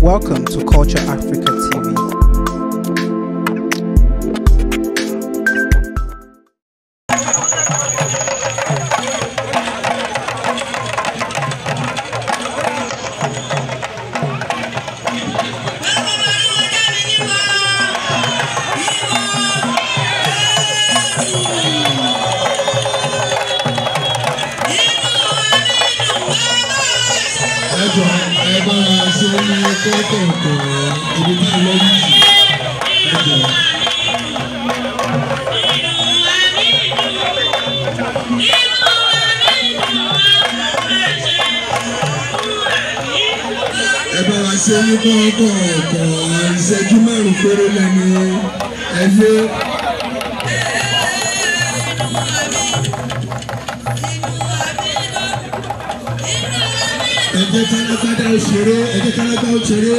Welcome to Culture Africa TV. ẹjọ ẹ bá a ṣe ní kọ́kọ̀ọ̀kọ̀ ibi tí mo lọ́wọ́ yìí ẹjọ. ẹ bá a ṣe ní kọ́kọ̀ọ̀kọ̀ ìṣẹ́jú márùn-ún péré lẹ́nu ẹ yé. ẹ jẹ́ kálágbádá ó ṣeré ẹ jẹ́ kálágbá ó ṣeré.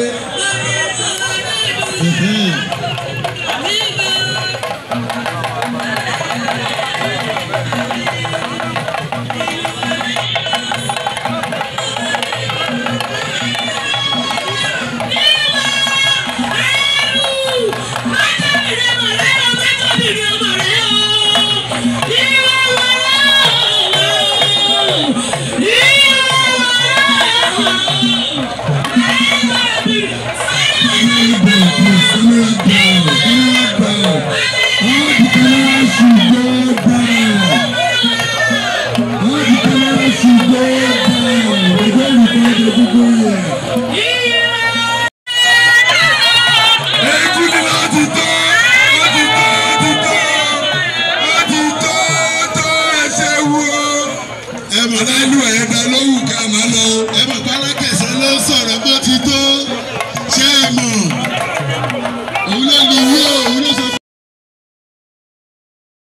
ẹ mọ̀ láìlú ẹ̀ẹ́dá lówù ká máa lọ ẹ mọ̀ pálákẹ̀sẹ̀ ló sọ̀rọ̀ bó ti tó.